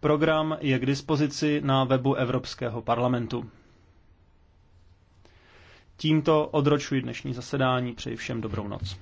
Program je k dispozici na webu Evropského parlamentu. Tímto odročuji dnešní zasedání, přeji všem dobrou noc.